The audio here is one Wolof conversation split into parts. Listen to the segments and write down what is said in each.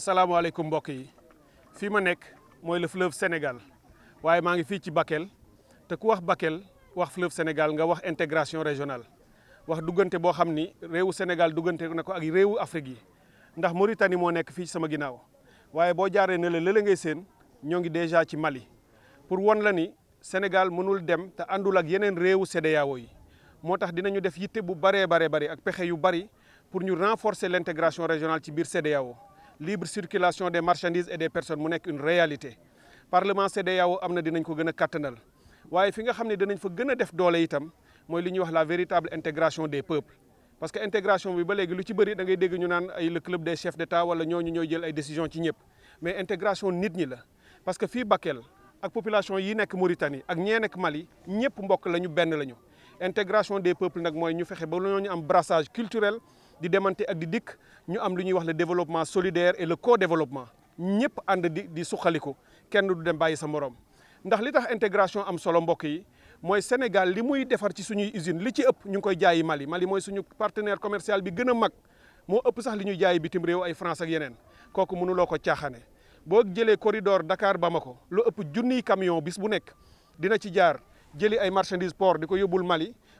asalaamaaleykum mbokk yi fii ma nekk mooy le fleuve Sénégal waaye maa ngi fii ci Bakel te ku wax Bakel wax fleuve Sénégal nga wax intégration régional wax duggante boo xam ni réewu Sénégal duggante na ko ak réewu Afrique yi ndax Mauritanie moo nekk fii sama ginnaaw waaye boo jaaree ne la lële ngay seen ñoo ngi déjà ci Mali pour won la ni Sénégal mënul dem te àndul ak yeneen réewu CEDEAO yi moo tax dinañu def yitte bu baree baree bari ak pexe yu bari pour ñu renforcer l'intégration régionale ci biir CEDEAO libre circulation des marchandises et des personnes mu une réalité parlement CEDEAO am dinañ ko gën a kattanal le fi nga xam ne dinañ fa gën a def doole itam mooy li la véritable intégration des peuples parce que intégration bi ba que lu ci bëri da ngay le club des chefs d'État wala ñooñu ñooy jël ay décisions ci ñëpp mais intégration nit ñi parce que fii Bakel ak population yi Mauritanie ak de Mali, Mali ñëpp mbokk lañu les lañu intégration des peuples nag mooy ñu brassage culturel di demante ak di dikk ñu am lu ñuy wax le développement solidaire et le co-développement ñëpp ànd di di ko kenn du dem bàyyi sa morom ndax li tax integration am solo mbokk yi mooy Sénégal li muy defar ci suñuy usine li ci ëpp ñu ngi koy jaayi Mali Mali mooy suñu partenaire commercial bi gën a mag moo ëpp sax li ñuy jaayi bitim réew ay France ak yeneen kooku mënuloo ko caaxaane boo jëlee corridor Dakar ko loo ëpp junniy camion bis bu nekk dina ci jaar jëli ay marchandises port di ko yóbbul Mali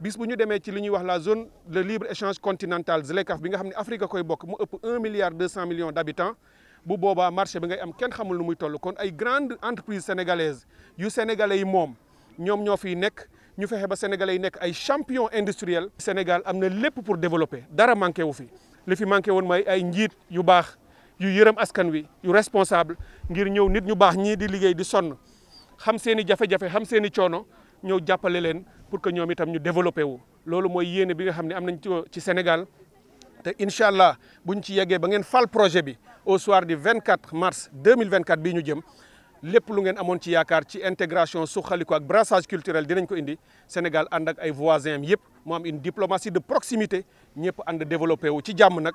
bis bu ñu demee ci li ñuy wax la zone de libre échange continentale ZLECAf bi nga xamni Afrique koy bokk mu ëpp un milliard deux millions d'habitants. bu boba marché bi ngay am kenn xamul nu muy toll kon ay grande entreprise sénégalaise yu sénégalais yi mom ñom ñoo nek, ñu fexé ba sénégalais yi nek ay champion industriel Sénégal amna le lépp pour développer dara manké wu fi li fi manké won may ay njit yu bax yu yërem askan wi yu responsable ngir ñew nit ñu bax ñi di liggéey di sonn xam seeni jafé jafe xam seeni choono ñëw jàppale leen pour que ñoom itam ñu développé wu loolu mooy yéene bi nga xam ne am nañ ci ci Sénégal te incha allah bu ñu ci yeggee ba ngeen fal projet bi au soir du 24 mars 2024 bii ñu jëm lépp lu ngeen amoon ci yaakaar ci intégration suxaliko ak brassage culturel dinañ ko indi Sénégal ànd ak ay voisin yëpp mu am une diplomatie de proximité ñëpp ànd développé wu ci jàmm nag